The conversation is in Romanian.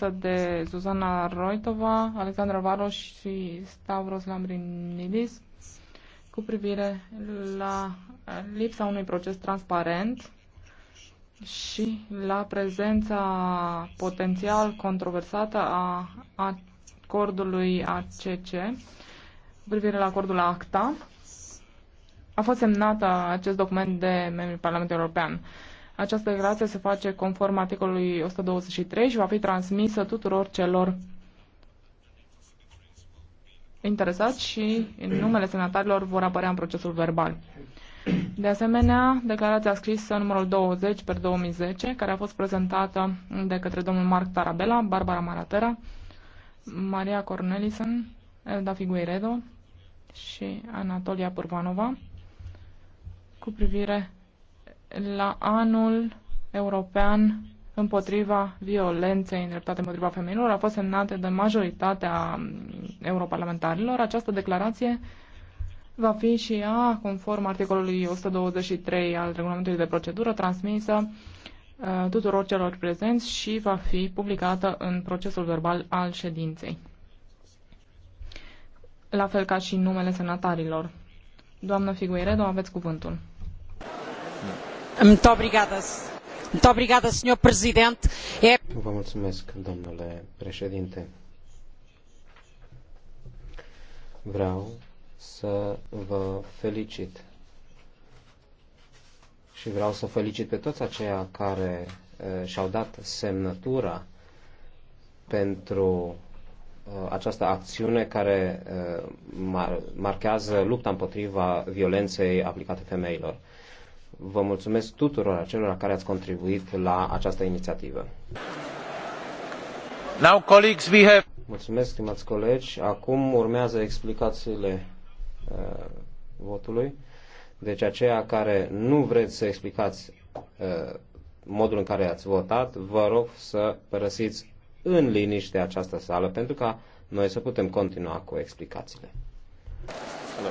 față de Zuzana Roitova, Alexandra Varoș și Stavros Lambrinidis cu privire la lipsa unui proces transparent și la prezența potențial controversată a acordului ACC cu privire la acordul ACTA. A fost semnat acest document de membrii Parlamentului European. Această declarație se face conform articolului 123 și va fi transmisă tuturor celor interesați și numele semnatarilor vor apărea în procesul verbal. De asemenea, declarația scrisă numărul 20 per 2010, care a fost prezentată de către domnul Marc Tarabella, Barbara Maratera, Maria Cornelison, Elda Figueiredo și Anatolia Purvanova, cu privire la anul european împotriva violenței îndreptate împotriva femeilor a fost semnată de majoritatea europarlamentarilor. Această declarație va fi și ea, conform articolului 123 al regulamentului de procedură, transmisă uh, tuturor celor prezenți și va fi publicată în procesul verbal al ședinței. La fel ca și numele semnatarilor. Doamnă Figuiredo, aveți cuvântul. Vă mulțumesc, domnule președinte. Vreau să vă felicit și vreau să felicit pe toți aceia care și-au dat semnătura pentru această acțiune care marchează lupta împotriva violenței aplicate femeilor. Vă mulțumesc tuturor acelor care ați contribuit la această inițiativă. Now, colleagues, we have... Mulțumesc, stimați colegi. Acum urmează explicațiile uh, votului. Deci aceia care nu vreți să explicați uh, modul în care ați votat, vă rog să părăsiți în liniște această sală pentru ca noi să putem continua cu explicațiile. Hello.